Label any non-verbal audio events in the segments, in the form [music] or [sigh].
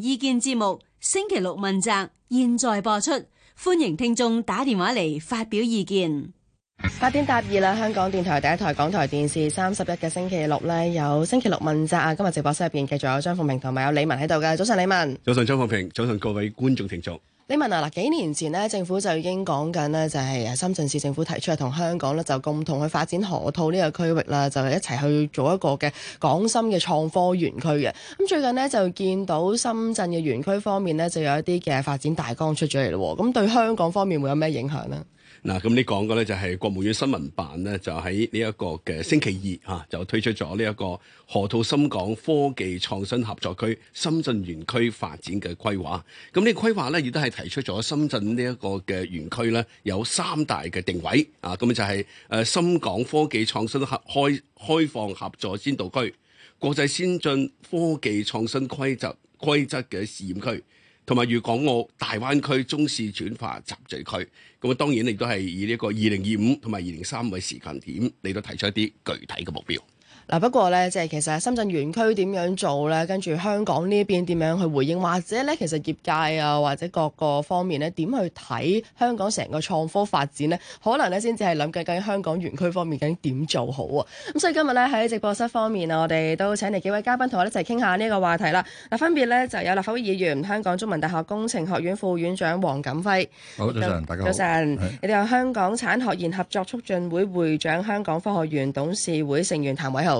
意見節目星期六問責，現在播出，歡迎聽眾打電話嚟，發表意見。八點答二啦，香港電台第一台，港台電視三十一嘅星期六咧，有星期六問責啊，今日直播室入邊繼續有張鳳平同埋有李文喺度嘅。早上李文，早上張鳳平，早上各位觀眾聽眾。你問啊嗱，幾年前咧政府就已經講緊咧，就係深圳市政府提出同香港咧就共同去發展河套呢個區域啦，就係一齊去做一個嘅港深嘅創科園區嘅。咁最近咧就見到深圳嘅園區方面咧，就有一啲嘅發展大綱出咗嚟咯。咁對香港方面會有咩影響呢？嗱，咁你講嘅咧就係國務院新聞辦咧，就喺呢一個嘅星期二啊，就推出咗呢一個河套深港科技創新合作區深圳園區發展嘅規劃。咁呢個規劃咧，亦都係提出咗深圳呢一個嘅園區咧，有三大嘅定位啊。咁啊就係誒深港科技創新合開開放合作先導區，國際先進科技創新規則規則嘅試驗區，同埋粵港澳大灣區中試轉化集聚區，咁啊當然亦都係以呢個二零二五同埋二零三五嘅時間點嚟到提出一啲具體嘅目標。嗱、啊、不過咧，即係其實深圳園區點樣做咧，跟住香港呢邊點樣去回應，或者咧其實業界啊，或者各個方面咧點去睇香港成個創科發展呢？可能咧先至係諗緊究竟香港園區方面究竟點做好啊！咁、啊、所以今日咧喺直播室方面啊，我哋都請嚟幾位嘉賓同我哋一齊傾下呢個話題啦。嗱分別咧就有立法會議員、香港中文大學工程學院副院長黃錦輝、哦，好早晨大家早晨上，又有嘿香港產學研合,合作促進會會,會長、香港科學園董事會成員譚偉豪。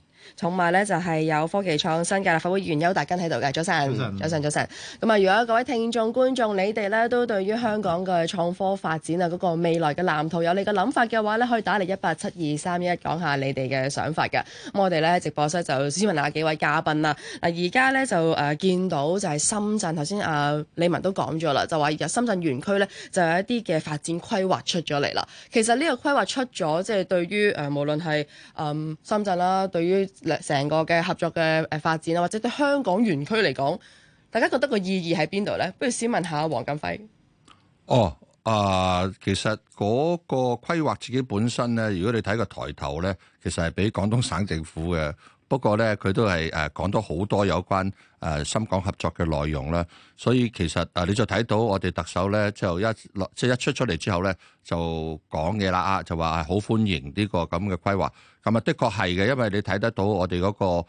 同埋咧就係有科技創新嘅立法會議員邱達根喺度嘅，早晨，早晨，早晨，咁啊，如果各位聽眾、觀眾，你哋咧都對於香港嘅創科發展啊嗰個未來嘅藍圖有你嘅諗法嘅話咧，可以打嚟一八七二三一一講下你哋嘅想法嘅。咁我哋咧直播室就先問下幾位嘉賓啦。嗱，而家咧就誒見到就係深圳頭先啊李文都講咗啦，就話而家深圳園區咧就有一啲嘅發展規劃出咗嚟啦。其實呢個規劃出咗，即係對於誒無論係誒深圳啦，對於成個嘅合作嘅誒發展啊，或者對香港園區嚟講，大家覺得個意義喺邊度咧？不如先問下黃錦輝。哦，啊、呃，其實嗰個規劃自己本身咧，如果你睇個抬頭咧，其實係俾廣東省政府嘅。不過咧，佢都係誒講咗好多有關誒深港合作嘅內容啦，所以其實誒你就睇到我哋特首咧就一即係一出出嚟之後咧就講嘢啦啊，就話好歡迎呢個咁嘅規劃。咁啊，的確係嘅，因為你睇得到我哋嗰個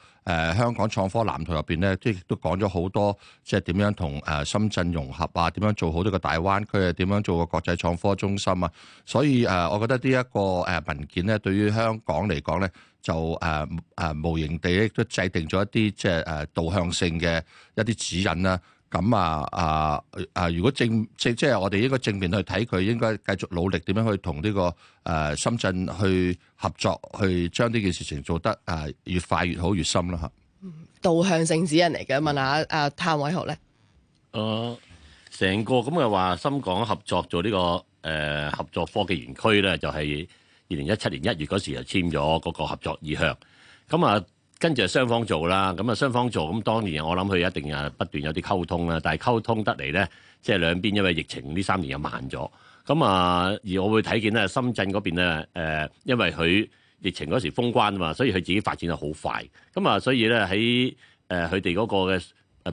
香港創科藍圖入邊咧，即係都講咗好多，即係點樣同誒深圳融合啊，點樣做好呢個大灣區啊，點樣做個國際創科中心啊。所以誒，我覺得呢一個誒文件咧，對於香港嚟講咧。就誒誒無形地都制定咗一啲即係誒導向性嘅一啲指引啦。咁啊啊啊！如果正正即係我哋應該正面去睇佢，應該繼續努力點樣去同呢個誒深圳去合作，去將呢件事情做得誒越快越好、越深啦嚇。導向性指引嚟嘅，問下阿譚偉豪咧。誒，成個咁嘅話，深港合作做呢個誒合作科技園區咧，就係。二零一七年一月嗰時就簽咗嗰個合作意向，咁啊跟住係雙方做啦，咁啊雙方做，咁當然我諗佢一定啊不斷有啲溝通啦，但係溝通得嚟咧，即係兩邊因為疫情呢三年又慢咗，咁啊而我會睇見咧深圳嗰邊咧誒，因為佢疫情嗰時封關啊嘛，所以佢自己發展得好快，咁啊所以咧喺誒佢哋嗰個嘅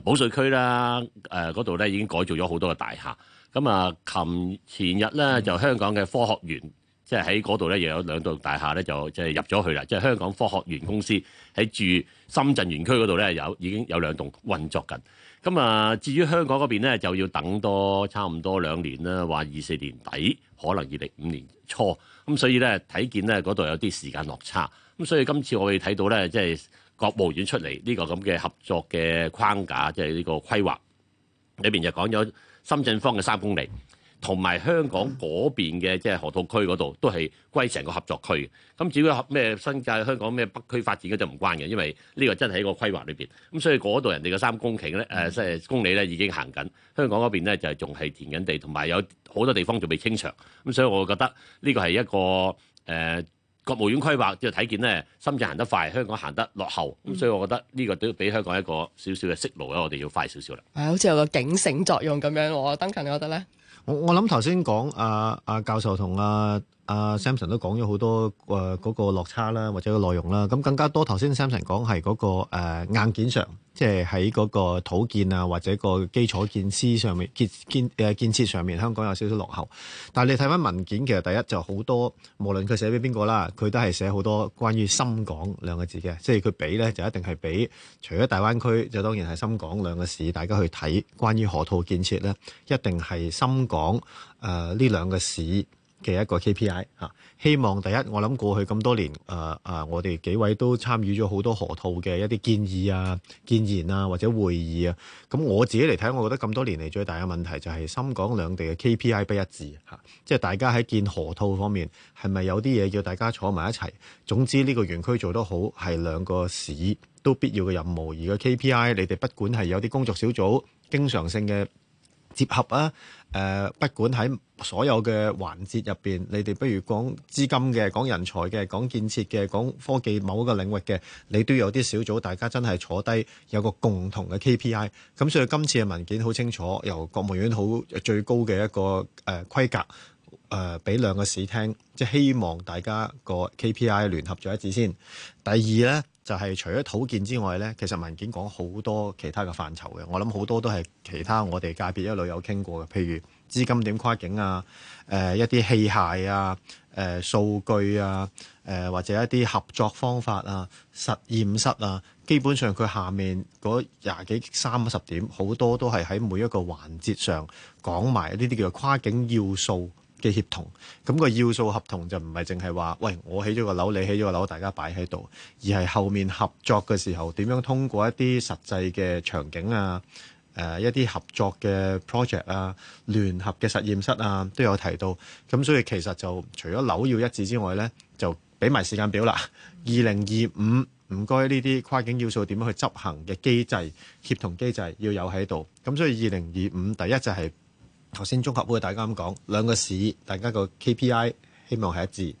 保稅區啦，誒嗰度咧已經改造咗好多個大廈，咁啊琴前日咧就香港嘅科學園。即係喺嗰度咧，又有兩棟大廈咧，就即係入咗去啦。即係香港科學園公司喺住深圳園區嗰度咧，有已經有兩棟運作緊。咁啊，至於香港嗰邊咧，就要等多差唔多兩年啦，話二四年底可能二零五年初。咁所以咧，睇見咧嗰度有啲時間落差。咁所以今次我哋睇到咧，即係國務院出嚟呢個咁嘅合作嘅框架，即係呢個規劃裏邊就講咗深圳方嘅三公里。同埋香港嗰邊嘅即係河套區嗰度，都係歸成個合作區嘅。咁至於咩新界香港咩北區發展嘅就唔關嘅，因為呢個真係一個規劃裏邊。咁所以嗰度人哋嘅三公頃咧，誒即係公里咧已經行緊，香港嗰邊咧就係仲係填緊地，同埋有好多地方仲未清場。咁所以我覺得呢個係一個誒、呃、國務院規劃就睇見咧，深圳行得快，香港行得落後。咁所以我覺得呢個都俾香港一個少少嘅訊號咧，我哋要快少少啦。係好似有個警醒作用咁樣喎，登勤，Duncan，你覺得咧？我我諗頭先講啊，阿、啊、教授同啊。阿、uh, Samson 都講咗好多誒嗰、呃那個落差啦，或者個內容啦。咁更加多頭先 Samson 講係嗰、那個、呃、硬件上，即係喺嗰個土建啊，或者個基礎建設上面建建誒建設上面，香港有少少落後。但係你睇返文件，其實第一就好多，無論佢寫俾邊個啦，佢都係寫好多關於深港兩個字嘅，即係佢俾咧就一定係俾除咗大灣區，就當然係深港兩個市。大家去睇關於河套建設咧，一定係深港誒呢、呃、兩個市。嘅一個 KPI 嚇、啊，希望第一，我諗過去咁多年，誒、啊、誒、啊，我哋幾位都參與咗好多河套嘅一啲建議啊、建言啊或者會議啊。咁、啊嗯、我自己嚟睇，我覺得咁多年嚟最大嘅問題就係深港兩地嘅 KPI 不一致嚇，即、啊、係、就是、大家喺建河套方面係咪有啲嘢叫大家坐埋一齊？總之呢個園區做得好係兩個市都必要嘅任務，而個 KPI 你哋不管係有啲工作小組經常性嘅。結合啊，誒、呃，不管喺所有嘅環節入邊，你哋不如講資金嘅、講人才嘅、講建設嘅、講科技某一個領域嘅，你都有啲小組，大家真係坐低有個共同嘅 KPI。咁所以今次嘅文件好清楚，由國務院好最高嘅一個誒規、呃、格。誒俾兩個市聽，即係希望大家個 KPI 聯合咗一致先。第二呢，就係、是、除咗土建之外呢，其實文件講好多其他嘅範疇嘅。我諗好多都係其他我哋界別一路有傾過嘅，譬如資金點跨境啊，誒、呃、一啲器械啊，誒、呃、數據啊，誒、呃、或者一啲合作方法啊、實驗室啊，基本上佢下面嗰廿幾三十點，好多都係喺每一個環節上講埋呢啲叫做跨境要素。嘅協同，咁、那個要素合同就唔係淨係話，喂，我起咗個樓，你起咗個樓，大家擺喺度，而係後面合作嘅時候，點樣通過一啲實際嘅場景啊，誒、呃，一啲合作嘅 project 啊，聯合嘅實驗室啊，都有提到。咁所以其實就除咗樓要一致之外呢，就俾埋時間表啦。二零二五，唔該呢啲跨境要素點樣去執行嘅機制、協同機制要有喺度。咁所以二零二五，第一就係、是。頭先綜合會大家咁講兩個市，大家個 KPI 希望係一致。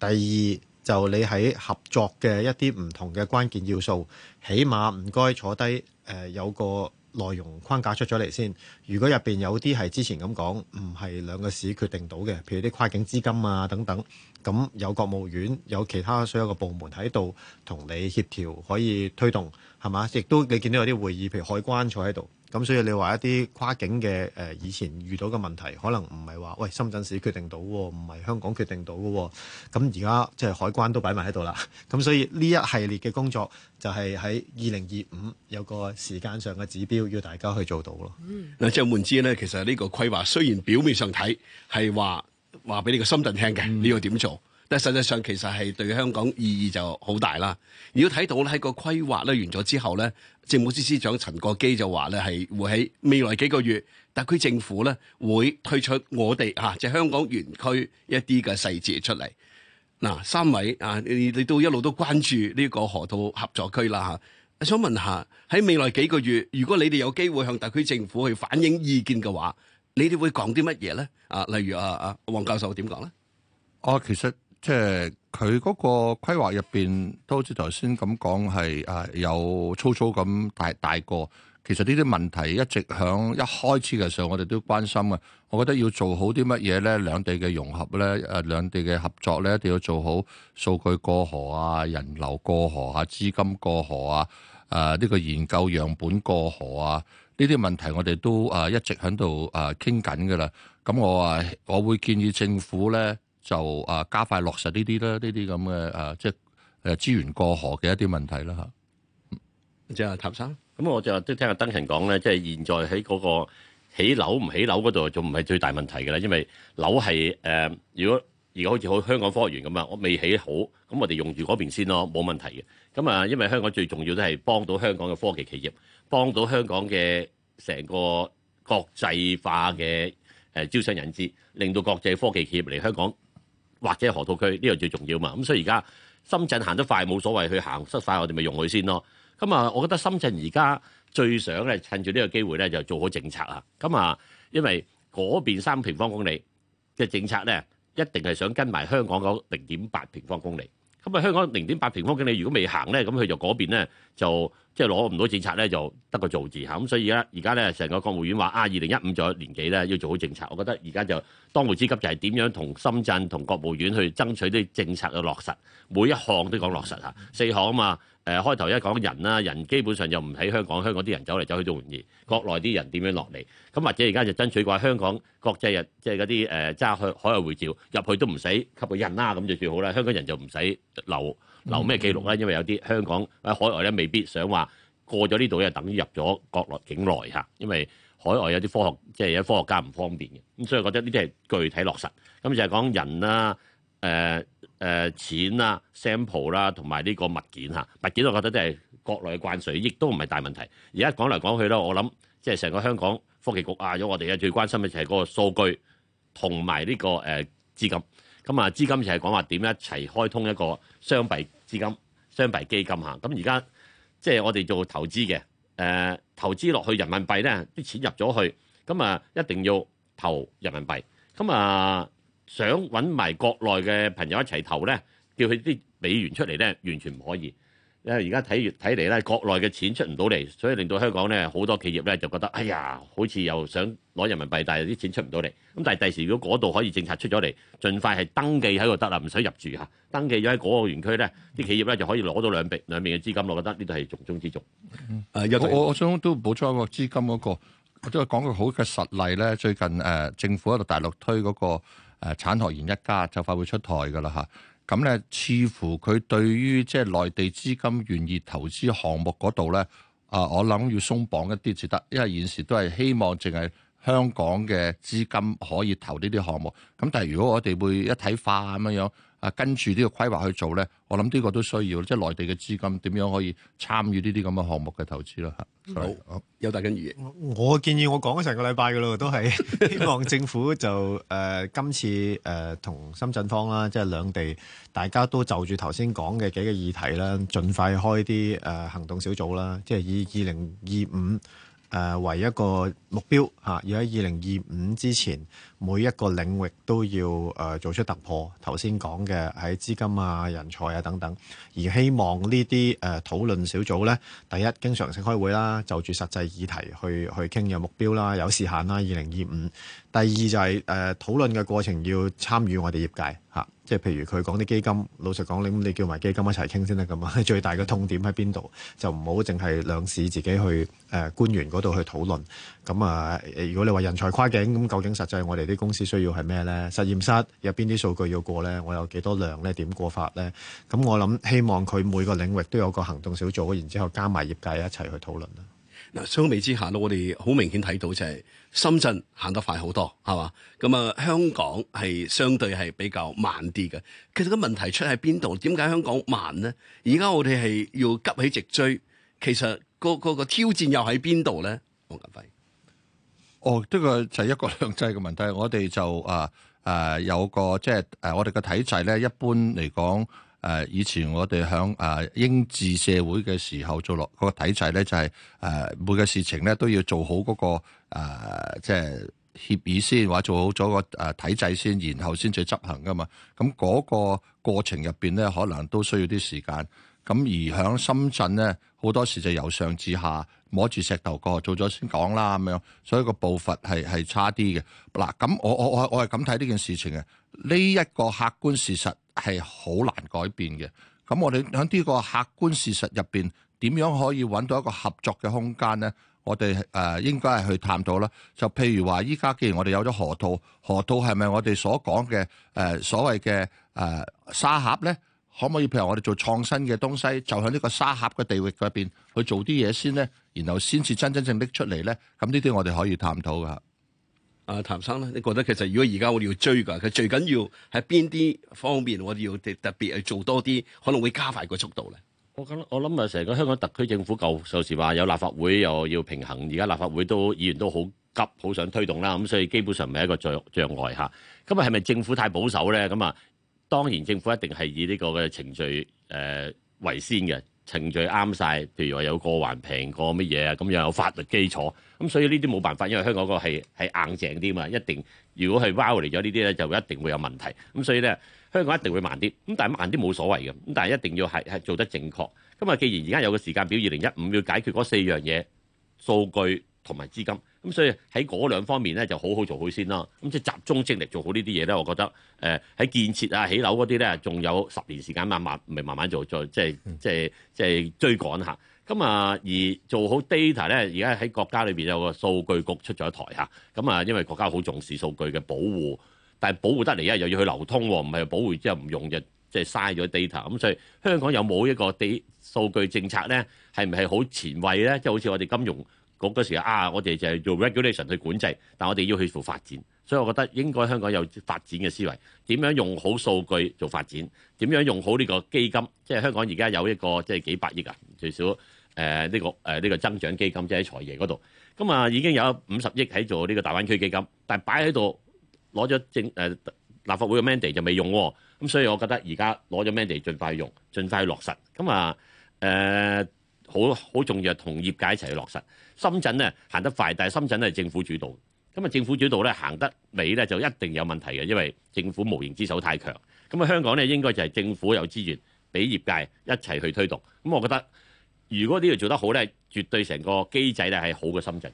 第二就你喺合作嘅一啲唔同嘅關鍵要素，起碼唔該坐低誒、呃、有個內容框架出咗嚟先。如果入邊有啲係之前咁講，唔係兩個市決定到嘅，譬如啲跨境資金啊等等，咁有國務院有其他所有嘅部門喺度同你協調可以推動係嘛？亦都你見到有啲會議，譬如海關坐喺度。咁所以你話一啲跨境嘅誒、呃、以前遇到嘅問題，可能唔係話喂深圳市決定到，唔係香港決定到嘅。咁而家即係海關都擺埋喺度啦。咁所以呢一系列嘅工作，就係喺二零二五有個時間上嘅指標，要大家去做到咯。嗱、嗯，即係換之咧，其實呢個規劃雖然表面上睇係話話俾你個深圳聽嘅，你要點做？但係實際上其實係對香港意義就好大啦。如果睇到咧喺個規劃咧完咗之後咧，政務司司長陳國基就話咧係會喺未來幾個月，特區政府咧會推出我哋吓即係香港園區一啲嘅細節出嚟。嗱、啊，三位啊，你你都一路都關注呢個河套合作區啦吓。我、啊、想問下喺未來幾個月，如果你哋有機會向特區政府去反映意見嘅話，你哋會講啲乜嘢咧？啊，例如啊啊，黃教授點講咧？哦、啊，其實。即係佢嗰個規劃入邊，都好似頭先咁講，係誒有粗粗咁大大個。其實呢啲問題一直響一開始嘅時候，我哋都關心啊。我覺得要做好啲乜嘢咧，兩地嘅融合咧，誒、啊、兩地嘅合作咧，一定要做好數據過河啊，人流過河啊，資金過河啊，誒、啊、呢、呢個研究樣本過河啊，呢啲問題我哋都誒、啊、一直喺度誒傾緊㗎喇。咁、啊啊、我啊，我會建議政府咧。就啊加快落實呢啲啦，呢啲咁嘅啊，即係誒資源過河嘅一啲問題啦嚇。即係譚生，咁我就都聽阿 Duncan 講咧，即係現在喺嗰個起樓唔起樓嗰度就唔係最大問題嘅啦，因為樓係誒，如果如果好似我香港科學園咁啊，我未起好，咁我哋用住嗰邊先咯，冇問題嘅。咁啊，因為香港最重要都係幫到香港嘅科技企業，幫到香港嘅成個國際化嘅誒招商引資，令到國際科技企業嚟香港。或者河套區呢個最重要嘛，咁、嗯、所以而家深圳行得快冇所謂，去行失快我哋咪用佢先咯。咁、嗯、啊，我覺得深圳而家最想咧，趁住呢個機會咧，就做好政策啊。咁、嗯、啊，因為嗰邊三平方公里嘅政策咧，一定係想跟埋香港嗰零點八平方公里。香港零點八平方公里，如果未行呢，咁佢就嗰邊呢，就即係攞唔到政策咧，就得個做字。咁所以而家而家，成個國務院話啊，二零一五咗年幾咧要做好政策，我覺得而家就當務之急就係點樣同深圳同國務院去爭取啲政策嘅落實，每一項都講落實，四項嘛。誒、呃、開頭一講人啦、啊，人基本上就唔喺香港，香港啲人走嚟走去都容易，國內啲人點樣落嚟？咁、嗯、或者而家就爭取話香港國際日，即係嗰啲誒揸海海外護照入去都唔使吸個印啦，咁就算好啦。香港人就唔使留留咩記錄啦，因為有啲香港喺海外咧未必想話過咗呢度就等於入咗國內境內嚇，因為海外有啲科學即係有啲科學家唔方便嘅。咁、嗯、所以覺得呢啲係具體落實。咁、嗯、就係、是、講人啦、啊，誒、呃。誒、嗯、錢啦、sample 啦，同埋呢個物件嚇物件，我覺得都係國內嘅關稅，亦都唔係大問題。而家講嚟講去咧，我諗即係成個香港科技局啊，咗我哋咧最關心嘅就係嗰個數據同埋呢個誒、呃、資金。咁、嗯、啊，資金就係講話點樣一齊開通一個雙幣資金、雙幣基金嚇。咁而家即係我哋做投資嘅誒、呃、投資落去人民幣咧，啲錢入咗去，咁、嗯、啊、嗯、一定要投人民幣，咁、嗯、啊。嗯嗯想揾埋國內嘅朋友一齊投咧，叫佢啲美元出嚟咧，完全唔可以。因為而家睇越睇嚟咧，國內嘅錢出唔到嚟，所以令到香港咧好多企業咧就覺得，哎呀，好似又想攞人民幣，但係啲錢出唔到嚟。咁但係第時如果嗰度可以政策出咗嚟，盡快係登記喺度得啦，唔使入住吓。登記咗喺嗰個園區咧，啲企業咧就可以攞到兩邊兩邊嘅資金。我覺得，呢度係重中之重。誒，我我想都補充一個資金嗰個，我都講個好嘅實例咧。最近誒政府喺度大陸推嗰個。誒、啊、產學研一家就快會出台㗎啦吓，咁、啊、咧似乎佢對於即係內地資金願意投資項目嗰度咧，啊我諗要鬆綁一啲至得，因為現時都係希望淨係香港嘅資金可以投呢啲項目，咁但係如果我哋會一體化咁樣。啊，跟住呢個規劃去做咧，我諗呢個都需要，即係內地嘅資金點樣可以參與呢啲咁嘅項目嘅投資啦。嚇、嗯。是好，邱達根議員。我建議我講咗成個禮拜嘅咯，都係 [laughs] 希望政府就誒、呃、今次誒同、呃、深圳方啦，即係兩地大家都就住頭先講嘅幾個議題啦，盡快開啲誒、呃、行動小組啦，即係以二零二五誒為一個目標嚇、啊，要喺二零二五之前。每一個領域都要誒、呃、做出突破。頭先講嘅喺資金啊、人才啊等等，而希望呢啲誒討論小組呢，第一經常性開會啦，就住實際議題去去傾，嘅目標啦，有時限啦，二零二五。第二就係誒討論嘅過程要參與我哋業界嚇、啊，即係譬如佢講啲基金，老實講你你叫埋基金一齊傾先得㗎嘛。最大嘅痛點喺邊度，就唔好淨係兩市自己去誒、呃、官員嗰度去討論。咁啊，如果你話人才跨境咁，究竟實際我哋啲公司需要係咩咧？實驗室有邊啲數據要過咧？我有幾多量咧？點過法咧？咁我諗希望佢每個領域都有個行動小組，然之後加埋業界一齊去討論啦。嗱、嗯，相比之下咧，我哋好明顯睇到就係深圳行得快好多，係嘛？咁、嗯、啊，香港係相對係比較慢啲嘅。其實個問題出喺邊度？點解香港慢咧？而家我哋係要急起直追，其實個個個挑戰又喺邊度咧？黃、哦 [noise] 哦，呢、這個就係一國兩制嘅問題。我哋就啊誒、呃、有個即係誒、呃、我哋嘅體制咧，一般嚟講誒以前我哋響誒英治社會嘅時候做落個體制咧，就係、是、誒、呃、每個事情咧都要做好嗰、那個、呃、即係協議先，或者做好咗個誒體制先，然後先至執行噶嘛。咁、嗯、嗰、那個過程入邊咧，可能都需要啲時間。咁而響深圳咧，好多時就由上至下。摸住石頭過，做咗先講啦咁樣，所以個步伐係係差啲嘅。嗱，咁我我我我係咁睇呢件事情嘅。呢、這、一個客觀事實係好難改變嘅。咁我哋喺呢個客觀事實入邊，點樣可以揾到一個合作嘅空間咧？我哋誒、呃、應該係去探討啦。就譬如話，依家既然我哋有咗河套，河套係咪我哋所講嘅誒所謂嘅誒沙盒咧？可唔可以？譬如我哋做創新嘅東西，就喺呢個沙盒嘅地域入邊去做啲嘢先咧，然後先至真真正逼出嚟咧。咁呢啲我哋可以探討噶。阿、啊、譚生咧，你覺得其實如果而家我哋要追噶，佢最緊要喺邊啲方面，我哋要特特別去做多啲，可能會加快個速度咧？我覺得我諗啊，成個香港特區政府舊舊時話有立法會又要平衡，而家立法會都議員都好急，好想推動啦。咁、嗯、所以基本上唔係一個障障礙嚇。咁啊，係咪政府太保守咧？咁啊？當然，政府一定係以呢個嘅程序誒為先嘅，程序啱晒。譬如話有個環評過乜嘢啊，咁又有法律基礎。咁所以呢啲冇辦法，因為香港個係係硬淨啲嘛，一定如果係彎嚟咗呢啲咧，就一定會有問題。咁所以咧，香港一定會慢啲。咁但係慢啲冇所謂嘅，咁但係一定要係係做得正確。咁啊，既然而家有個時間表，二零一五要解決嗰四樣嘢，數據同埋資金。咁所以喺嗰兩方面咧就好好做好先啦。咁即係集中精力做好呢啲嘢咧，我覺得誒喺、呃、建設啊、起樓嗰啲咧，仲有十年時間慢慢，咪慢慢做，再即係即係即係追趕下。咁、嗯、啊，而做好 data 咧，而家喺國家裏邊有個數據局出咗台嚇。咁、嗯、啊，因為國家好重視數據嘅保護，但係保護得嚟啊，又要去流通，唔係保護之後唔用就即係嘥咗 data。咁、嗯、所以香港有冇一個地數據政策咧，係唔係好前衛咧？即係好似我哋金融。嗰個時候啊，我哋就係做 regulation 去管制，但我哋要去做發展，所以我覺得應該香港有發展嘅思維，點樣用好數據做發展？點樣用好呢個基金？即係香港而家有一個即係幾百億啊，最少誒呢、呃這個誒呢、呃這個增長基金，即係財爺嗰度咁啊，已經有五十億喺做呢個大灣區基金，但係擺喺度攞咗政誒立法會嘅 mandate 就未用咁、啊嗯，所以我覺得而家攞咗 mandate 盡快用，盡快去落實咁啊誒，好好重要，同業界一齊去落實。嗯嗯嗯深圳咧行得快，但係深圳咧係政府主導，咁啊政府主導咧行得尾咧就一定有問題嘅，因為政府無形之手太強。咁啊香港咧應該就係政府有資源俾業界一齊去推動。咁我覺得如果呢度做得好咧，絕對成個機制咧係好過深圳。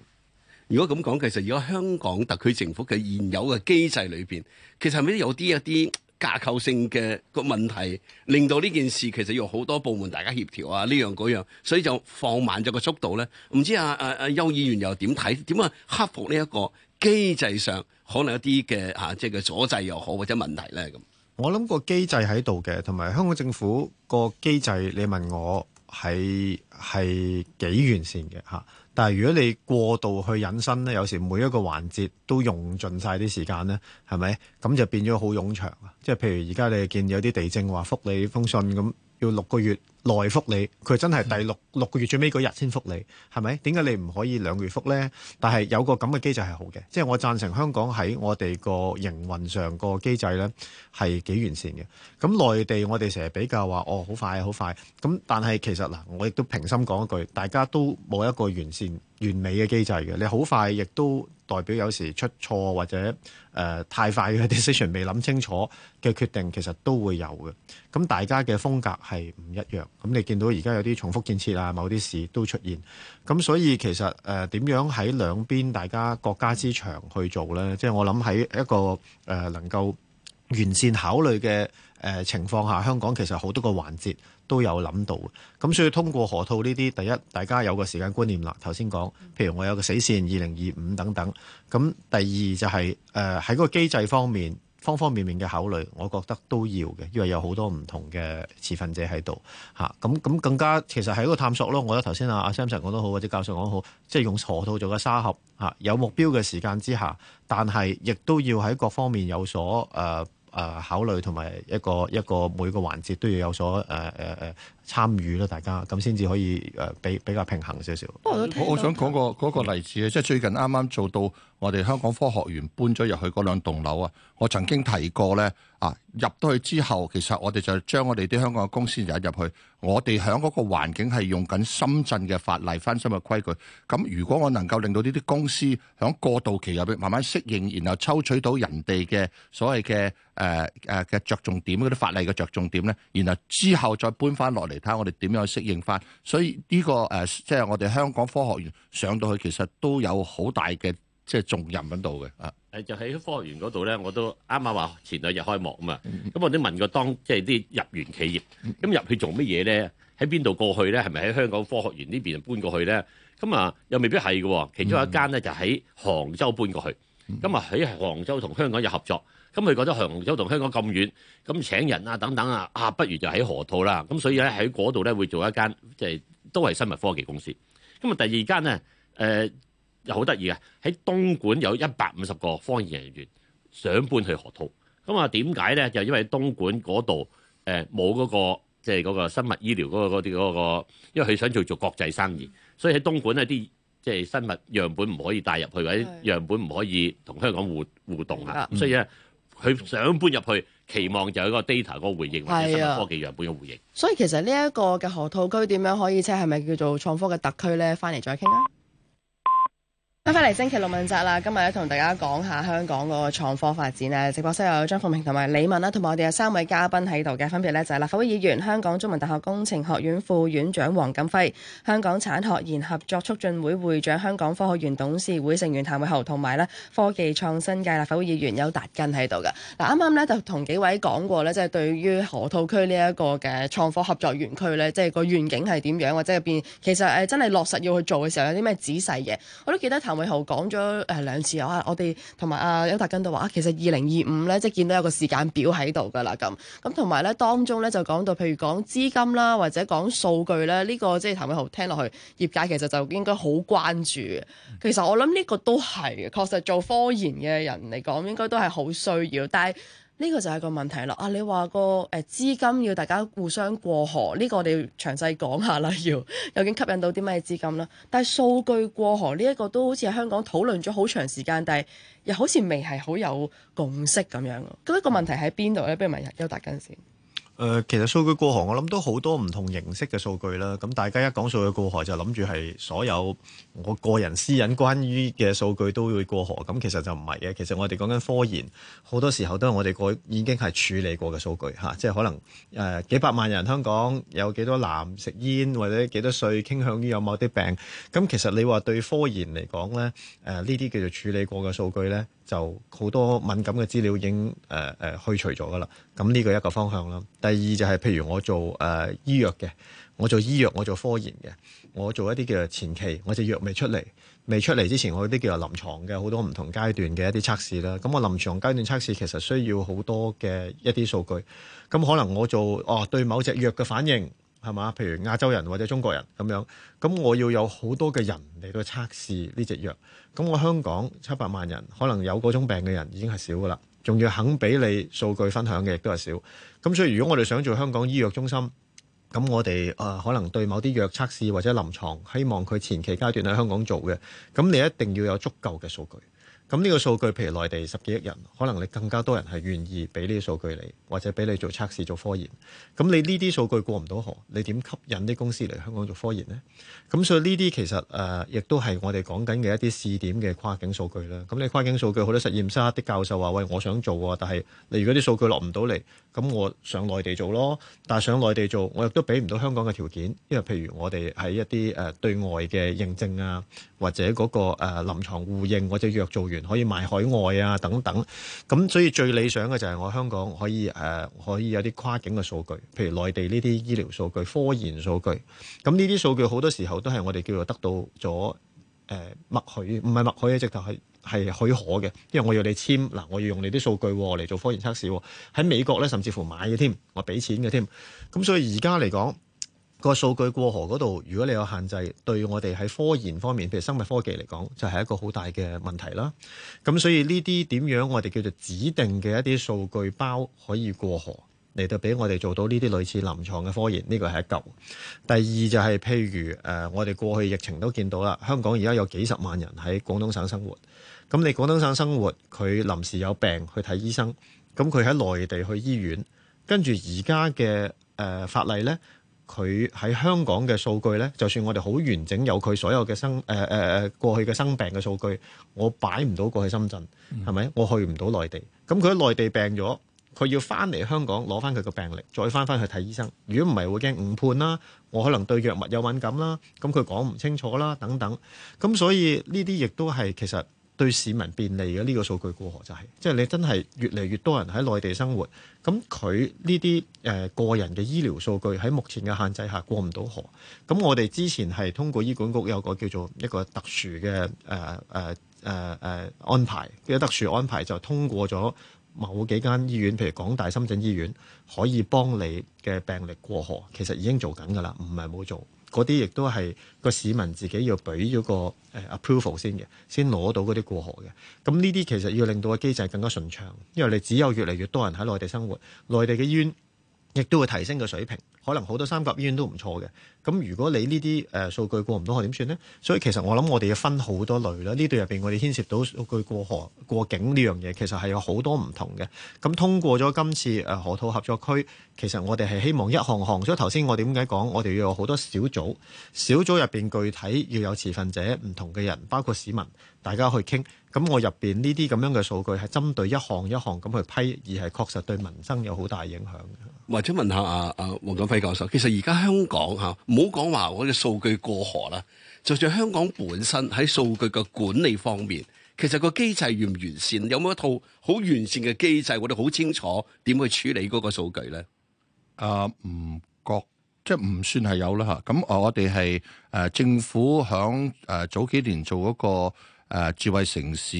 如果咁講，其實如果香港特區政府嘅現有嘅機制裏邊，其實係咪有啲一啲？架構性嘅個問題，令到呢件事其實要好多部門大家協調啊，呢樣嗰樣，所以就放慢咗個速度咧。唔知阿阿阿邱議員又點睇？點樣克服呢一個機制上可能有啲嘅嚇，即係個阻滯又好或者問題咧咁。我諗個機制喺度嘅，同埋香港政府個機制，你問我係係幾完善嘅嚇。但係如果你過度去引申呢，有時每一個環節都用盡晒啲時間呢，係咪？咁就變咗好冗長啊！即係譬如而家你見有啲地政話覆你封信咁，要六個月。內覆你，佢真係第六六個月最尾嗰日先覆你，係咪？點解你唔可以兩個月覆呢？但係有個咁嘅機制係好嘅，即係我贊成香港喺我哋個營運上個機制呢，係幾完善嘅。咁、嗯、內地我哋成日比較話哦好快好快，咁、嗯、但係其實嗱、呃，我亦都平心講一句，大家都冇一個完善完美嘅機制嘅。你好快亦都代表有時出錯或者誒、呃、太快嘅 decision 未諗清楚嘅決定，其實都會有嘅。咁、嗯、大家嘅風格係唔一樣。咁你見到而家有啲重複建設啊，某啲事都出現，咁所以其實誒點樣喺兩邊大家國家之長去做呢？即係我諗喺一個誒能夠完善考慮嘅誒情況下，香港其實好多個環節都有諗到。咁所以通過河套呢啲，第一大家有個時間觀念啦。頭先講，譬如我有個死線二零二五等等。咁第二就係誒喺嗰個機制方面。方方面面嘅考慮，我覺得都要嘅，因為有好多唔同嘅持份者喺度嚇，咁、啊、咁、嗯嗯、更加其實係一個探索咯。我覺得頭先啊阿 Samson 講得好，或者教授講好，即係用河套做嘅「沙盒嚇、啊，有目標嘅時間之下，但係亦都要喺各方面有所誒誒、呃呃、考慮，同埋一個一個每一個環節都要有所誒誒誒。呃呃呃參與啦，大家咁先至可以誒比比較平衡少少。我想講個嗰個例子咧，即係最近啱啱做到我哋香港科學園搬咗入去嗰兩棟樓啊。我曾經提過咧，啊入到去之後，其實我哋就將我哋啲香港嘅公司引入去，我哋喺嗰個環境係用緊深圳嘅法例翻新嘅規矩。咁如果我能夠令到呢啲公司喺過渡期入邊慢慢適應，然後抽取到人哋嘅所謂嘅誒誒嘅著重點嗰啲法例嘅著重點咧，然後之後再搬翻落嚟。睇下我哋點樣去適應翻，所以呢個誒，即係我哋香港科學園上到去，其實都有好大嘅即係重任喺度嘅啊！誒，就喺科學園嗰度咧，我都啱啱話前兩日開幕啊嘛。咁我哋問過當，即係啲入園企業，咁入去做乜嘢咧？喺邊度過去咧？係咪喺香港科學園呢邊搬過去咧？咁啊，又未必係嘅。其中有一間咧，就喺杭州搬過去。咁啊，喺杭州同香港有合作。咁佢覺得杭州同香港咁遠，咁請人啊等等啊，啊不如就喺河套啦。咁所以咧喺嗰度咧會做一間即係、就是、都係生物科技公司。咁啊第二間咧，誒、呃、又好得意嘅，喺東莞有一百五十個科研人員想搬去河套。咁啊點解咧？就因為東莞嗰度誒冇嗰個即係嗰個生物醫療嗰、嗰個嗰、嗰個嗰個、因為佢想做做國際生意，所以喺東莞咧啲即係生物樣本唔可以帶入去，或者的樣本唔可以同香港互互動啊。的所以咧。嗯佢想搬入去，期望就係個 data 個回應，或者生物科技樣本嘅回應，啊。所以其實呢一個嘅河套區點樣可以，即係咪叫做創科嘅特區咧？翻嚟再傾啦。翻返嚟《星期六問責》啦，今日咧同大家講下香港嗰個創科發展咧。直播室有張鳳明同埋李敏，啦，同埋我哋有三位嘉賓喺度嘅，分別咧就係立法會議員、香港中文大學工程學院副院長黃錦輝、香港產學研合作促進會會長、香港科學園董事會成員譚偉豪，同埋咧科技創新界立法會議員邱達根喺度嘅。嗱，啱啱咧就同幾位講過咧，即係對於河套區呢一個嘅創科合作園區咧，即係個願景係點樣，或者入邊其實誒真係落實要去做嘅時候有啲咩仔細嘢，我都記得偉豪講咗誒兩次啊，我哋同埋阿邱達根都話啊，其實二零二五咧，即係見到有個時間表喺度噶啦咁，咁同埋咧當中咧就講到，譬如講資金啦，或者講數據咧，呢個即係譚偉豪聽落去，業界其實就應該好關注。其實我諗呢個都係，確實做科研嘅人嚟講，應該都係好需要。但係呢個就係個問題啦！啊，你話個誒資金要大家互相過河，呢個我哋要詳細講下啦。要究竟吸引到啲咩資金咧？但係數據過河呢一個都好似喺香港討論咗好長時間，但係又好似未係好有共識咁樣。咁，一個問題喺邊度呢？不如問下邱達根先。誒、呃，其實數據過河，我諗都好多唔同形式嘅數據啦。咁、嗯、大家一講數據過河，就諗住係所有我個人私隱關於嘅數據都會過河。咁、嗯、其實就唔係嘅。其實我哋講緊科研，好多時候都係我哋過已經係處理過嘅數據嚇、啊。即係可能誒、呃、幾百萬人香港有幾多男食煙，或者幾多歲傾向於有某啲病。咁、嗯、其實你話對科研嚟講咧，誒呢啲叫做處理過嘅數據咧。就好多敏感嘅資料已經誒誒、呃呃、去除咗噶啦，咁、這、呢個一個方向啦。第二就係、是、譬如我做誒、呃、醫藥嘅，我做醫藥，我做科研嘅，我做一啲叫做前期，我隻藥未出嚟，未出嚟之前，我啲叫做臨床嘅好多唔同階段嘅一啲測試啦。咁我臨床階段測試其實需要好多嘅一啲數據，咁可能我做哦對某隻藥嘅反應。係嘛？譬如亞洲人或者中國人咁樣，咁我要有好多嘅人嚟到測試呢隻藥。咁我香港七百萬人，可能有嗰種病嘅人已經係少噶啦，仲要肯俾你數據分享嘅亦都係少。咁所以如果我哋想做香港醫藥中心，咁我哋啊、呃、可能對某啲藥測試或者臨床，希望佢前期階段喺香港做嘅，咁你一定要有足夠嘅數據。咁呢個數據，譬如內地十幾億人，可能你更加多人係願意俾呢啲數據你，或者俾你做測試做科研。咁你呢啲數據過唔到河，你點吸引啲公司嚟香港做科研呢？咁所以呢啲其實誒、呃，亦都係我哋講緊嘅一啲試點嘅跨境數據啦。咁你跨境數據好多實驗室啊，啲教授話：喂，我想做啊，但係你如果啲數據落唔到嚟。咁我上內地做咯，但係上內地做，我亦都俾唔到香港嘅條件，因為譬如我哋喺一啲誒、呃、對外嘅認證啊，或者嗰、那個誒、呃、臨床互認，或者藥做完可以賣海外啊等等。咁所以最理想嘅就係我香港可以誒、呃、可以有啲跨境嘅數據，譬如內地呢啲醫療數據、科研數據。咁呢啲數據好多時候都係我哋叫做得到咗誒、呃、默許，唔係默許，一直頭係。係許可嘅，因為我要你簽，嗱，我要用你啲數據嚟做科研測試，喺美國咧，甚至乎買嘅添，我俾錢嘅添。咁所以而家嚟講個數據過河嗰度，如果你有限制，對我哋喺科研方面，譬如生物科技嚟講就係一個好大嘅問題啦。咁所以呢啲點樣我哋叫做指定嘅一啲數據包可以過河？嚟到俾我哋做到呢啲類似臨床嘅科研，呢個係一嚿。第二就係、是、譬如誒、呃，我哋過去疫情都見到啦，香港而家有幾十萬人喺廣東省生活。咁你廣東省生活，佢臨時有病去睇醫生，咁佢喺內地去醫院，跟住而家嘅誒法例呢，佢喺香港嘅數據呢，就算我哋好完整有佢所有嘅生誒誒誒過去嘅生病嘅數據，我擺唔到過去深圳，係咪？我去唔到內地，咁佢喺內地病咗。佢要翻嚟香港攞翻佢個病歷，再翻翻去睇醫生。如果唔係，會驚誤判啦。我可能對藥物有敏感啦，咁佢講唔清楚啦，等等。咁所以呢啲亦都係其實對市民便利嘅呢個數據過河就係，即係你真係越嚟越多人喺內地生活，咁佢呢啲誒個人嘅醫療數據喺目前嘅限制下過唔到河。咁我哋之前係通過醫管局有個叫做一個特殊嘅誒誒誒誒安排，呢個特殊安排就通過咗。某幾間醫院，譬如港大深圳醫院，可以幫你嘅病歷過河，其實已經做緊㗎啦，唔係冇做。嗰啲亦都係個市民自己要俾咗個誒 approval 先嘅，先攞到嗰啲過河嘅。咁呢啲其實要令到個機制更加順暢，因為你只有越嚟越多人喺內地生活，內地嘅醫院。亦都會提升個水平，可能好多三甲醫院都唔錯嘅。咁如果你呢啲誒數據過唔到河點算呢？所以其實我諗我哋要分好多類啦。呢度入邊我哋牽涉到數據過河過境呢樣嘢，其實係有好多唔同嘅。咁通過咗今次誒河套合作區，其實我哋係希望一行行。所以頭先我點解講我哋要有好多小組？小組入邊具體要有持份者，唔同嘅人，包括市民。大家去傾，咁我入邊呢啲咁樣嘅數據係針對一項一項咁去批，而係確實對民生有好大影響嘅。或者問下阿阿黃錦輝教授，其實而家香港嚇，唔好講話我嘅數據過河啦，就算香港本身喺數據嘅管理方面，其實個機制完唔完善，有冇一套好完善嘅機制，我哋好清楚點去處理嗰個數據咧？啊、呃，唔覺，即係唔算係有啦嚇。咁我哋係誒政府響誒、呃、早幾年做嗰個。呃，智慧城市，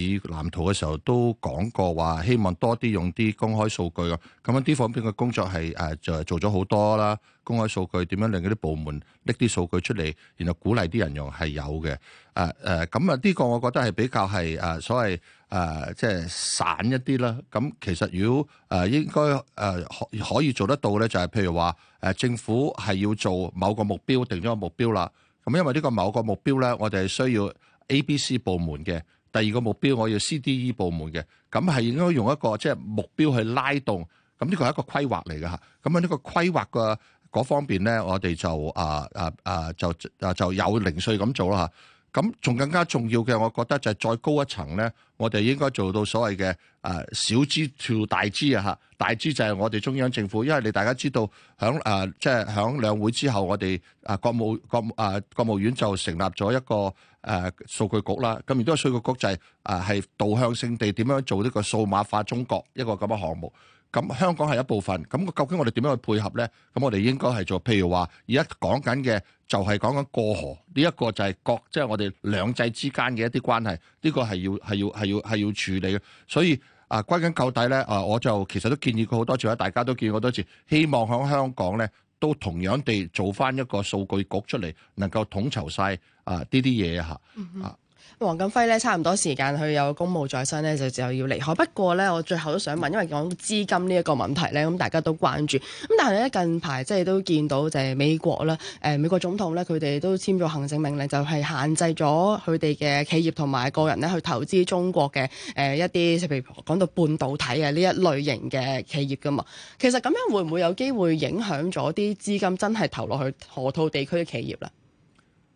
A、B、C 部門嘅第二個目標，我要 C、D、E 部門嘅，咁係應該用一個即係、就係、目標去拉動，咁呢個係一個規劃嚟嘅嚇。咁喺呢個規劃個嗰方面咧，我哋就啊啊啊就啊就有零碎咁做啦嚇。咁仲更加重要嘅，我覺得就係再高一層咧，我哋應該做到所謂嘅啊小支跳大支啊嚇。大支就係我哋中央政府，因為你大家知道響啊即係響兩會之後，我哋啊國務國啊國務院就成立咗一個。誒數據局啦，咁亦都係數據局就係誒係導向性地點樣做呢個數碼化中國一個咁嘅項目。咁香港係一部分，咁究竟我哋點樣去配合咧？咁我哋應該係做，譬如話而家講緊嘅就係講緊過河呢一個就係國，即係我哋兩制之間嘅一啲關係，呢個係要係要係要係要處理嘅。所以啊，歸根究底咧，啊，我就其實都建議過好多次啦，大家都建議過好多次，希望響香港咧。都同樣地做翻一個數據局出嚟，能夠統籌晒啊呢啲嘢嚇啊！嗯黃錦輝咧，差唔多時間佢有公務在身咧，就就要離開。不過咧，我最後都想問，因為講資金呢一個問題咧，咁大家都關注。咁但係咧，近排即係都見到就係美國啦，誒、呃、美國總統咧，佢哋都簽咗行政命令，就係、是、限制咗佢哋嘅企業同埋個人咧去投資中國嘅誒、呃、一啲，譬如講到半導體嘅呢一類型嘅企業噶嘛。其實咁樣會唔會有機會影響咗啲資金真係投落去河套地區嘅企業咧？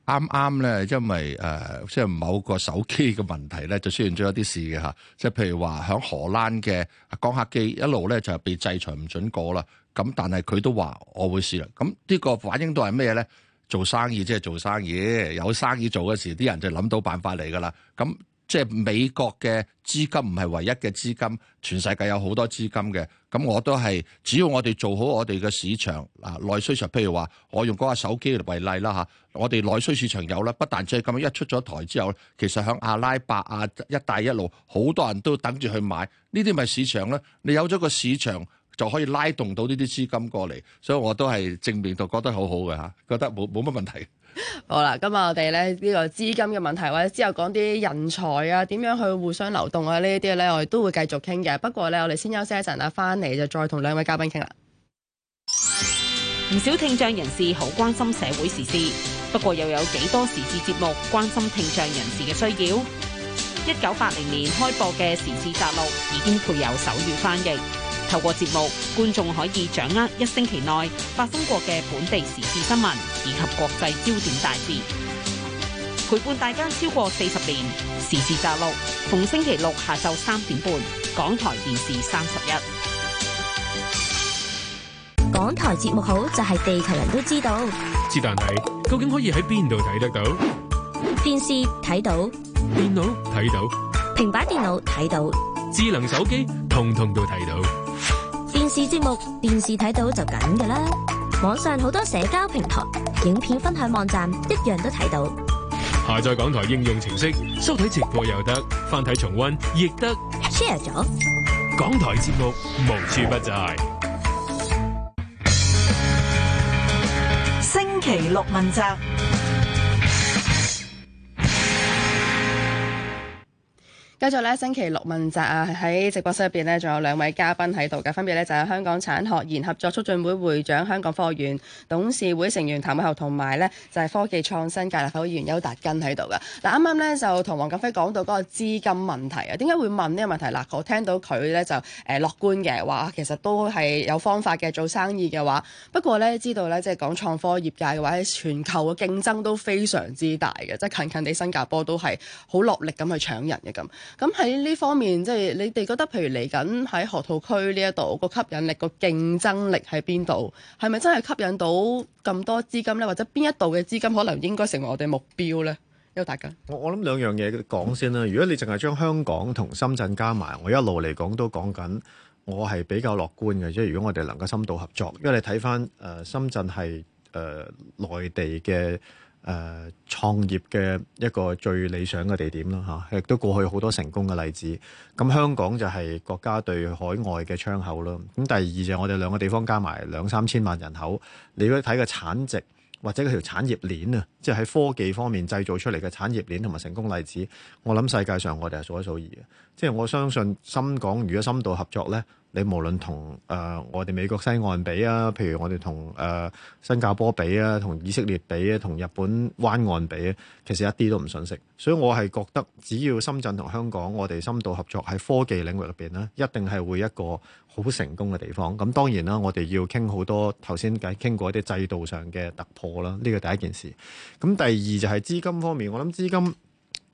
啱啱咧，剛剛因為誒、呃，即係某個手機嘅問題咧，就出現咗一啲事嘅嚇，即係譬如話喺荷蘭嘅光刻機一路咧就係被制裁唔準過啦，咁但係佢都話我會試啦，咁呢個反應都係咩咧？做生意即係做生意，有生意做嘅時，啲人就諗到辦法嚟㗎啦，咁。即係美國嘅資金唔係唯一嘅資金，全世界有好多資金嘅。咁我都係，只要我哋做好我哋嘅市場啊，內需市場，譬如話我用嗰個手機為例啦嚇，我哋內需市場有啦，不但只係咁樣一出咗台之後，其實響阿拉伯啊、一帶一路好多人都等住去買，呢啲咪市場咧？你有咗個市場就可以拉動到呢啲資金過嚟，所以我都係正面度覺得好好嘅嚇，覺得冇冇乜問題。好啦，今日我哋咧呢、這個資金嘅問題，或者之後講啲人才啊，點樣去互相流動啊呢啲咧，我哋都會繼續傾嘅。不過咧，我哋先休息一陣啊，翻嚟就再同兩位嘉賓傾啦。唔少聽障人士好關心社會時事，不過又有幾多時事節目關心聽障人士嘅需要？一九八零年開播嘅時事雜誌已經配有手語翻譯。透過節目，觀眾可以掌握一星期內發生過嘅本地時事新聞以及國際焦點大事。陪伴大家超過四十年，時事摘錄，逢星期六下晝三點半，港台電視三十一。港台節目好就係、是、地球人都知道。但是但係，究竟可以喺邊度睇得到？電視睇到，電腦睇到，平板電腦睇到，智能手機通通都睇到。視節目，電視睇到就梗㗎啦。網上好多社交平台、影片分享網站，一樣都睇到。下載港台應用程式，收睇直播又得，翻睇重温亦得 share 了。share 咗港台節目，無處不在。星期六問責。繼續咧，星期六問責啊！喺直播室入邊咧，仲有兩位嘉賓喺度嘅，分別咧就係、是、香港產學研合作促進會會長、香港科學院董事會成員譚偉豪，同埋咧就係、是、科技創新界立法會議員邱達根喺度嘅。嗱，啱啱咧就同黃錦輝講到嗰個資金問題啊，點解會問呢個問題？嗱，我聽到佢咧就誒、呃、樂觀嘅話，其實都係有方法嘅做生意嘅話，不過咧知道咧即係講創科業界嘅話，喺全球嘅競爭都非常之大嘅，即係近近地新加坡都係好落力咁去搶人嘅咁。咁喺呢方面，即係你哋覺得，譬如嚟緊喺河套區呢一度，個吸引力、個競爭力喺邊度？係咪真係吸引到咁多資金呢？或者邊一度嘅資金可能應該成為我哋目標呢？呢個大家，我我諗兩樣嘢講先啦。嗯、如果你淨係將香港同深圳加埋，我一路嚟講都講緊，我係比較樂觀嘅，即係如果我哋能夠深度合作，因為你睇翻誒深圳係誒、呃、內地嘅。誒、呃、創業嘅一個最理想嘅地點啦嚇，亦、啊、都過去好多成功嘅例子。咁、啊、香港就係國家對海外嘅窗口咯。咁、啊、第二就係我哋兩個地方加埋兩三千萬人口，你如果睇個產值或者嗰條產業鏈啊，即係喺科技方面製造出嚟嘅產業鏈同埋成功例子，我諗世界上我哋係數一數二嘅。即係我相信深港如果深度合作呢。你無論同誒、呃、我哋美國西岸比啊，譬如我哋同誒新加坡比啊，同以色列比啊，同日本灣岸比啊，其實一啲都唔遜色。所以我係覺得，只要深圳同香港我哋深度合作喺科技領域裏邊咧，一定係會一個好成功嘅地方。咁當然啦，我哋要傾好多頭先傾過一啲制度上嘅突破啦，呢個第一件事。咁第二就係資金方面，我諗資金。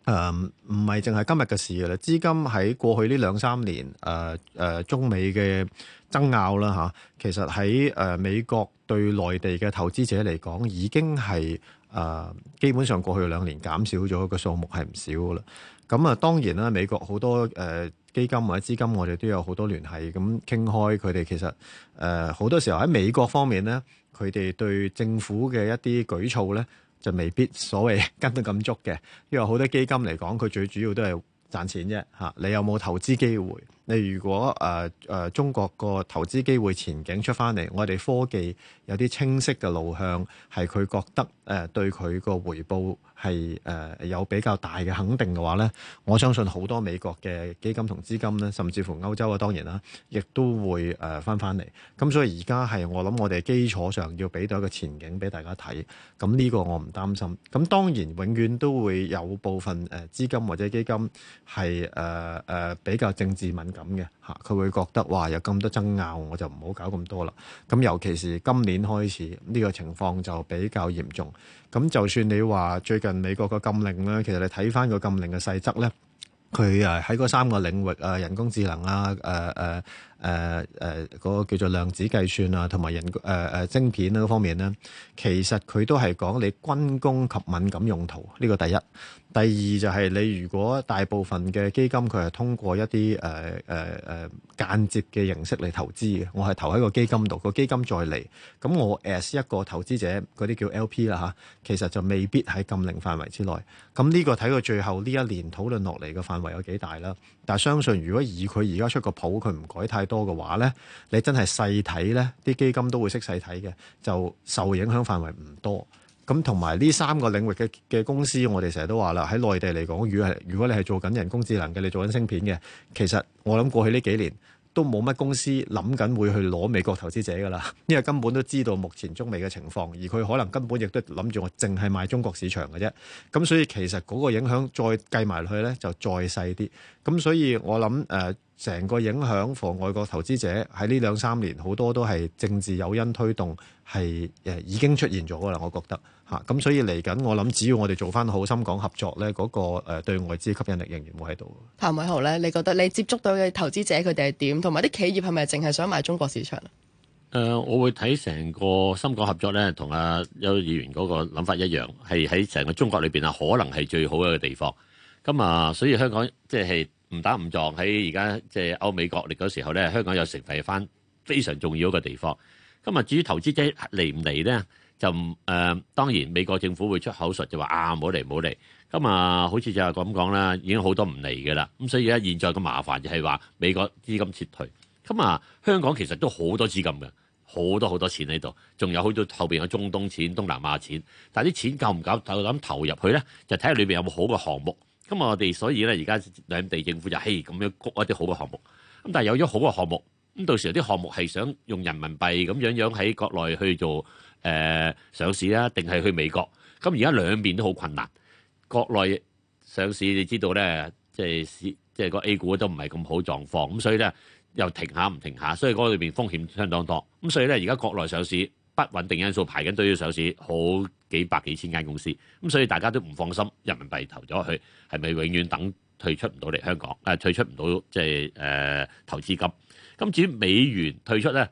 誒，唔係淨係今日嘅事嘅咧，資金喺過去呢兩三年，誒、呃、誒、呃，中美嘅爭拗啦吓、啊，其實喺誒、呃、美國對內地嘅投資者嚟講，已經係誒、呃、基本上過去兩年減少咗個數目係唔少噶啦。咁、嗯、啊，當然啦，美國好多誒、呃、基金或者資金，我哋都有好多聯繫，咁傾開佢哋其實誒、呃、好多時候喺美國方面咧，佢哋對政府嘅一啲舉措咧。就未必所謂跟得咁足嘅，因為好多基金嚟講，佢最主要都係賺錢啫吓。你有冇投資機會？你如果誒誒、呃、中國個投資機會前景出翻嚟，我哋科技有啲清晰嘅路向，係佢覺得誒、呃、對佢個回報係誒、呃、有比較大嘅肯定嘅話咧，我相信好多美國嘅基金同資金咧，甚至乎歐洲啊，當然啦，亦都會誒翻翻嚟。咁、呃、所以而家係我諗我哋基礎上要俾到一個前景俾大家睇。咁、這、呢個我唔擔心。咁當然永遠都會有部分誒資金或者基金係誒誒比較政治敏感。咁嘅嚇，佢會覺得哇，有咁多爭拗，我就唔好搞咁多啦。咁尤其是今年開始呢、呢個情況就比較嚴重。咁就算你話最近美國個禁令咧，其實你睇翻個禁令嘅細則咧，佢誒喺嗰三個領域啊、呃，人工智能啊，誒、呃、誒。呃誒誒，嗰個、呃呃、叫做量子計算啊，同埋人誒誒、呃、晶片嗰方面咧，其實佢都係講你軍工及敏感用途呢、呢個第一。第二就係你如果大部分嘅基金佢係通過一啲誒誒誒間接嘅形式嚟投資嘅，我係投喺個基金度，個基金再嚟咁，我 as 一個投資者嗰啲叫 LP 啦嚇，其實就未必喺禁令範圍之內。咁呢個睇到最後呢一年討論落嚟嘅範圍有幾大啦。但係相信，如果以佢而家出個譜，佢唔改太多嘅話，咧，你真係細睇咧，啲基金都會識細睇嘅，就受影響範圍唔多。咁同埋呢三個領域嘅嘅公司，我哋成日都話啦，喺內地嚟講，如果係如果你係做緊人工智能嘅，你做緊芯片嘅，其實我諗過去呢幾年。都冇乜公司諗緊會去攞美國投資者噶啦，因為根本都知道目前中美嘅情況，而佢可能根本亦都諗住我淨係賣中國市場嘅啫，咁所以其實嗰個影響再計埋落去咧就再細啲，咁所以我諗誒，成、呃、個影響防外國投資者喺呢兩三年好多都係政治誘因推動，係誒、呃、已經出現咗噶啦，我覺得。嚇！咁所以嚟緊，我諗只要我哋做翻好深港合作咧，嗰、那個誒對外資吸引力仍然會喺度。譚偉豪咧，你覺得你接觸到嘅投資者佢哋係點？同埋啲企業係咪淨係想買中國市場啊？誒、呃，我會睇成個深港合作咧，同啊邱議員嗰個諗法一樣，係喺成個中國裏邊啊，可能係最好嘅一個地方。咁、嗯、啊，所以香港即係誤打誤撞，喺而家即係歐美國力嗰時候咧，香港又成為翻非常重要一個地方。咁、嗯、啊，至於投資者嚟唔嚟咧？就唔誒、呃，當然美國政府會出口術就話啊，唔好嚟，唔好嚟。咁、嗯、啊，好似就係咁講啦，已經好多唔嚟嘅啦。咁所以而家現在嘅麻煩就係話美國資金撤退。咁、嗯、啊、嗯，香港其實都好多資金嘅，好多好多錢喺度，仲有好多後邊嘅中東錢、東南亞錢。但係啲錢夠唔夠就諗投入去咧？就睇下裏邊有冇好嘅項目。咁、嗯、啊，我哋所以咧，而家兩地政府就係咁樣谷一啲好嘅項目。咁、嗯、但係有咗好嘅項目，咁、嗯、到時有啲項目係想用人民幣咁樣咁樣喺國內去做。誒、呃、上市啦、啊，定係去美國？咁而家兩邊都好困難。國內上市，你知道呢，即係即係個 A 股都唔係咁好狀況。咁所以呢，又停下唔停下，所以嗰裏邊風險相當多。咁所以呢，而家國內上市不穩定因素排緊都要上市，好幾百幾千間公司。咁所以大家都唔放心，人民幣投咗去，係咪永遠等退出唔到嚟香港？誒、呃，退出唔到即係誒投資金。咁至於美元退出呢？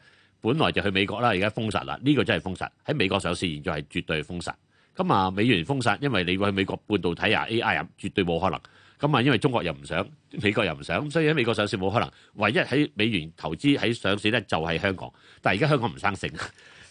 本來就去美國啦，而家封殺啦，呢個真係封殺。喺美國上市，現在係絕對封殺。咁啊，美元封殺，因為你話去美國半導體啊、AI 啊，絕對冇可能。咁啊，因為中國又唔想，美國又唔想，所以喺美國上市冇可能。唯一喺美元投資喺上市咧，就係香港。但係而家香港唔生性，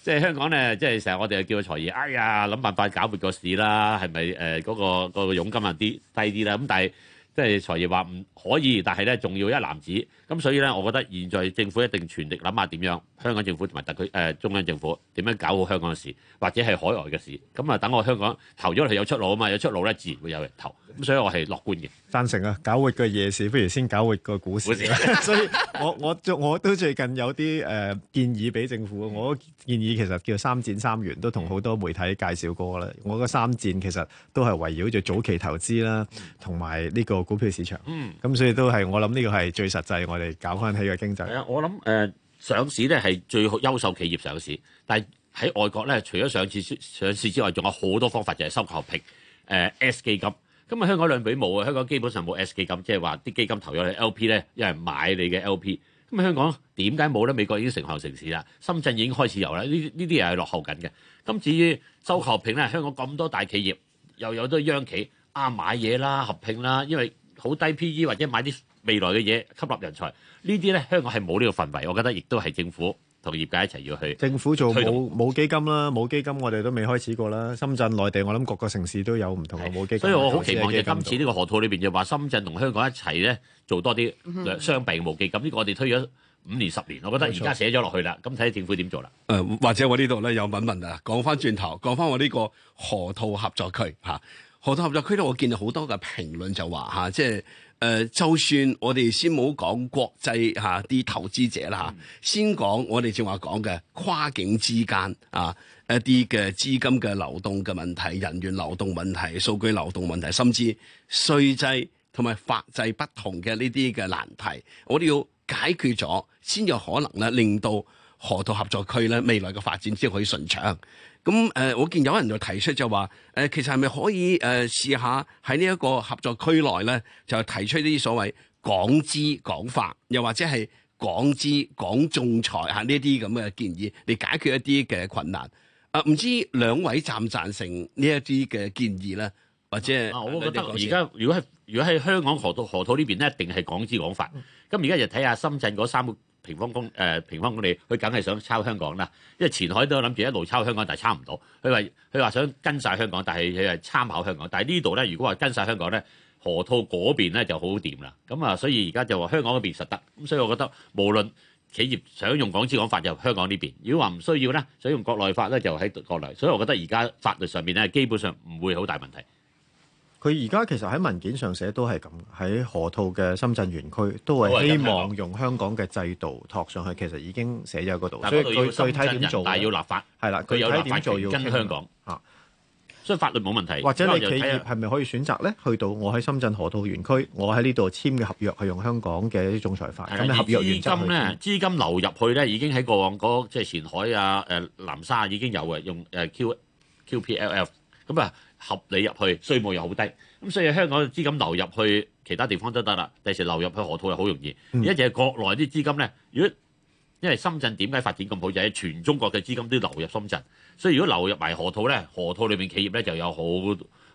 即係香港咧，即係成日我哋叫財爺，哎呀，諗辦法搞活個市啦，係咪誒嗰個個佣金啊啲低啲啦？咁但係即係財爺話唔可以，但係咧仲要一籃子。咁所以咧，我覺得現在政府一定全力諗下點樣，香港政府同埋特區誒、呃、中央政府點樣搞好香港嘅事，或者係海外嘅事。咁啊，等我香港投咗係有出路啊嘛，有出路咧自然會有人投。咁所以我係樂觀嘅。贊成啊！搞活個夜市，不如先搞活個股市。股市。 [laughs] 所以我我我都最近有啲誒、呃、建議俾政府。我建議其實叫三戰三元，都同好多媒體介紹過啦。我個三戰其實都係圍繞住早期投資啦，同埋呢個股票市場。嗯。咁所以都係我諗呢個係最實際。我哋搞翻起個經濟。係啊，我諗誒上市咧係最好優秀企業上市，但係喺外國咧，除咗上市之上市之外，仲有好多方法，就係收購合併誒 S 基金。咁啊，香港兩比冇啊，香港基本上冇 S 基金，即係話啲基金投入你 LP 咧，有人買你嘅 LP。咁香港點解冇咧？美國已經成行成市啦，深圳已經開始有啦。呢呢啲又係落後緊嘅。咁至於收購合併咧，香港咁多大企業又有都央企啊，買嘢啦，合併啦，因為。好低 PE 或者買啲未來嘅嘢，吸納人才，呢啲咧香港係冇呢個氛圍，我覺得亦都係政府同業界一齊要去。政府做母，母基金啦，母基金我哋都未開始過啦。深圳內地我諗各個城市都有唔同嘅母基金。所以我好期望就今次呢個河套裏邊就話深圳同香港一齊咧做多啲雙幣母基金。呢個我哋推咗五年十年，我覺得而家寫咗落去啦，咁睇睇政府點做啦。誒、呃，或者我呢度咧有問問啊，講翻轉頭，講翻我呢個河套合作區嚇。啊。河套合作區咧，我見到好多嘅評論就話嚇，即係誒、呃，就算我哋先冇講國際嚇啲投資者啦嚇，先講我哋正話講嘅跨境之間啊一啲嘅資金嘅流動嘅問題、人員流動問題、數據流動問題，甚至稅制同埋法制不同嘅呢啲嘅難題，我哋要解決咗先有可能咧，令到河套合作區咧未來嘅發展先可以順暢。咁誒、嗯，我見有人就提出就話，誒其實係咪可以誒試下喺呢一個合作區內咧，就提出啲所謂港資港法，又或者係港資港仲裁嚇呢一啲咁嘅建議，嚟解決一啲嘅困難。誒唔知兩位贊唔贊成呢一啲嘅建議咧，或者？啊，我覺得而家如果係。如果喺香港河套河套呢邊咧，一定係港資港法。咁而家就睇下深圳嗰三個平方公誒、呃、平方公里，佢梗係想抄香港啦。因為前海都諗住一路抄香港，但係抄唔到。佢話佢話想跟晒香港，但係佢係參考香港。但係呢度咧，如果話跟晒香港咧，河套嗰邊咧就好掂啦。咁啊，所以而家就話香港嗰邊實得。咁所以我覺得，無論企業想用港資港法就香港呢邊；如果話唔需要咧，想用國內法咧，就喺國內。所以我覺得而家法，法，法律上面咧，基本上唔會好大問題。佢而家其實喺文件上寫都係咁，喺河套嘅深圳園區都係希望用香港嘅制度託上去，其實已經寫咗嗰度。所以佢，具體點做？但要立法係啦，佢有做，要跟香港啊，所以法律冇問題。或者你企業係咪可以選擇咧？嗯、去到我喺深圳河套園區，我喺呢度簽嘅合約係用香港嘅一啲仲裁法。咁你資金咧，資金流入去咧，已經喺過往嗰即係前海啊、誒、呃、南沙已經有嘅，用誒 Q Q P L F 咁啊。合理入去，稅務又好低，咁、嗯、所以香港嘅資金流入去其他地方都得啦。第時流入去河套又好容易。而家就係國內啲資金咧，如果因為深圳點解發展咁好，就係、是、全中國嘅資金都流入深圳。所以如果流入埋河套咧，河套裏面企業咧就有好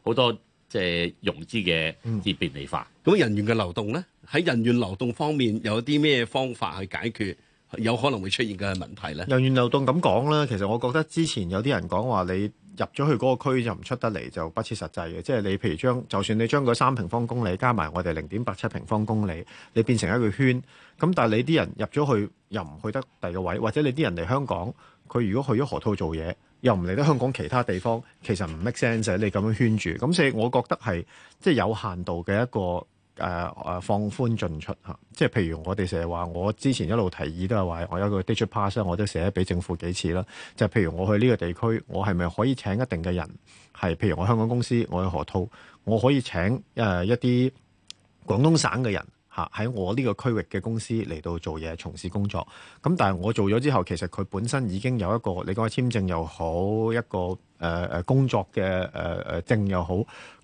好多即係、呃、融資嘅啲便利化。咁、嗯、人員嘅流動咧，喺人員流動方面有啲咩方法去解決？有可能會出現嘅問題咧？人員流動咁講啦，其實我覺得之前有啲人講話你。入咗去嗰個區就唔出得嚟就不切實際嘅，即係你譬如將就算你將嗰三平方公里加埋我哋零點八七平方公里，你變成一個圈，咁但係你啲人入咗去又唔去得第二個位，或者你啲人嚟香港，佢如果去咗河套做嘢，又唔嚟得香港其他地方，其實唔 make sense 你咁樣圈住，咁所以我覺得係即係有限度嘅一個。誒誒、啊、放寬進出吓、啊，即係譬如我哋成日話，我之前一路提議都係話我有一個 data pass，我都寫俾政府幾次啦。就、啊、譬如我去呢個地區我係咪可以請一定嘅人？係譬如我香港公司，我去河套，我可以請誒、啊、一啲廣東省嘅人。喺我呢個區域嘅公司嚟到做嘢、從事工作，咁但係我做咗之後，其實佢本身已經有一個，你講簽證又好，一個誒誒、呃、工作嘅誒誒證又好，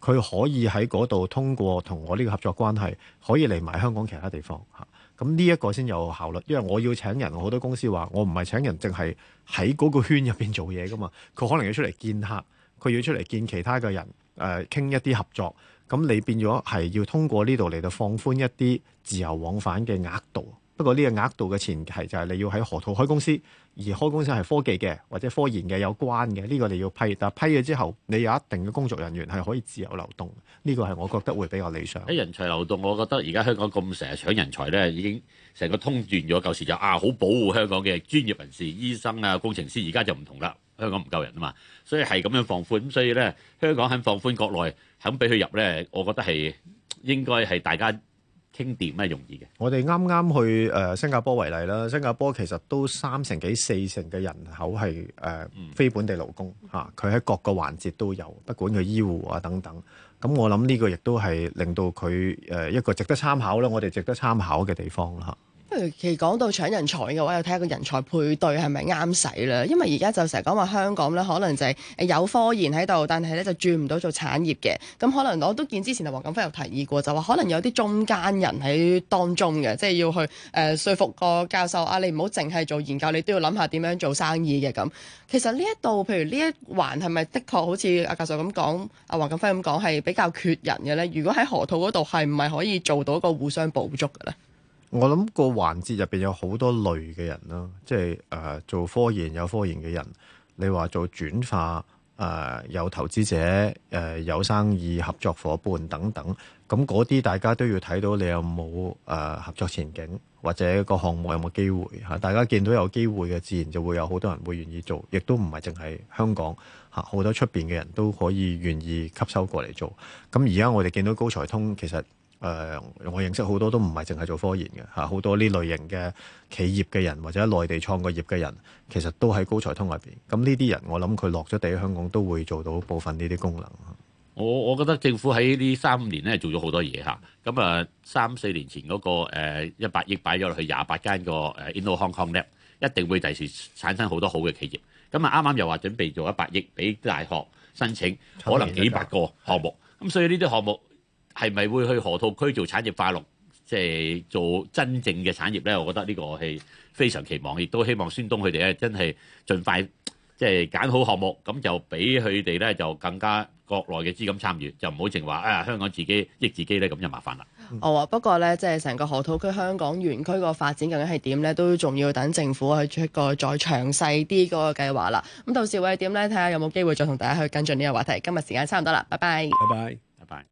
佢可以喺嗰度通過同我呢個合作關係，可以嚟埋香港其他地方吓。咁呢一個先有效率，因為我要請人，好多公司話我唔係請人，淨係喺嗰個圈入邊做嘢㗎嘛，佢可能要出嚟見客，佢要出嚟見其他嘅人，誒、呃、傾一啲合作。咁你變咗係要通過呢度嚟到放寬一啲自由往返嘅額度，不過呢個額度嘅前提就係你要喺河套開公司，而開公司係科技嘅或者科研嘅有關嘅，呢個你要批。但批咗之後，你有一定嘅工作人員係可以自由流動，呢個係我覺得會比較理想。喺人才流動，我覺得而家香港咁成日搶人才呢，已經成個通斷咗。舊時就啊，好保護香港嘅專業人士、醫生啊、工程師，而家就唔同啦。香港唔夠人啊嘛，所以係咁樣放寬，咁所以咧香港肯放寬，國內肯俾佢入咧，我覺得係應該係大家傾掂，咩容易嘅。我哋啱啱去誒、呃、新加坡為例啦，新加坡其實都三成幾、四成嘅人口係誒、呃、非本地勞工嚇，佢、啊、喺各個環節都有，不管佢醫護啊等等。咁我諗呢個亦都係令到佢誒、呃、一個值得參考啦，我哋值得參考嘅地方啦。啊不如其實講到搶人才嘅話，又睇下個人才配對係咪啱使啦。因為而家就成日講話香港咧，可能就係誒有科研喺度，但係咧就轉唔到做產業嘅。咁可能我都見之前阿黃錦輝有提議過，就話可能有啲中間人喺當中嘅，即係要去誒、呃、說服個教授啊，你唔好淨係做研究，你都要諗下點樣做生意嘅咁。其實呢一度，譬如呢一環係咪的確好似阿教授咁講，阿黃錦輝咁講係比較缺人嘅咧？如果喺河套嗰度係唔係可以做到個互相補足嘅咧？.我諗個環節入邊有好多類嘅人咯，即係誒、呃、做科研有科研嘅人，你話做轉化誒、呃、有投資者誒、呃、有生意合作伙伴等等，咁嗰啲大家都要睇到你有冇誒、呃、合作前景或者個項目有冇機會吓，大家見到有機會嘅自然就會有好多人會願意做，亦都唔係淨係香港吓，好多出邊嘅人都可以願意吸收過嚟，做咁而家我哋見到高才通其實。誒、呃，我認識好多都唔係淨係做科研嘅，嚇，好、啊、多呢類型嘅企業嘅人或者喺內地創過業嘅人，其實都喺高才通入邊。咁呢啲人，我諗佢落咗地香港都會做到部分呢啲功能。我我覺得政府喺呢三年咧做咗好多嘢嚇。咁啊，三四年前嗰，那個一百億擺咗落去廿八間個誒、呃、Inno Hong Kong Lab，一定會第時產生好多好嘅企業。咁啊，啱啱又話準備做一百億俾大學申請，可能幾百個項目。咁所以呢啲項目。係咪會去河套區做產業化落，即係做真正嘅產業呢？我覺得呢個係非常期望，亦都希望孫東佢哋咧真係盡快即係揀好項目，咁就俾佢哋呢就更加國內嘅資金參與，就唔好淨話啊香港自己益自己呢，咁就麻煩啦。哦，不過呢，即係成個河套區香港園區個發展究竟係點呢？都仲要等政府去出個再詳細啲嗰個計劃啦。咁到時會點呢？睇下有冇機會再同大家去跟進呢個話題。今日時間差唔多啦，拜，拜拜，拜拜。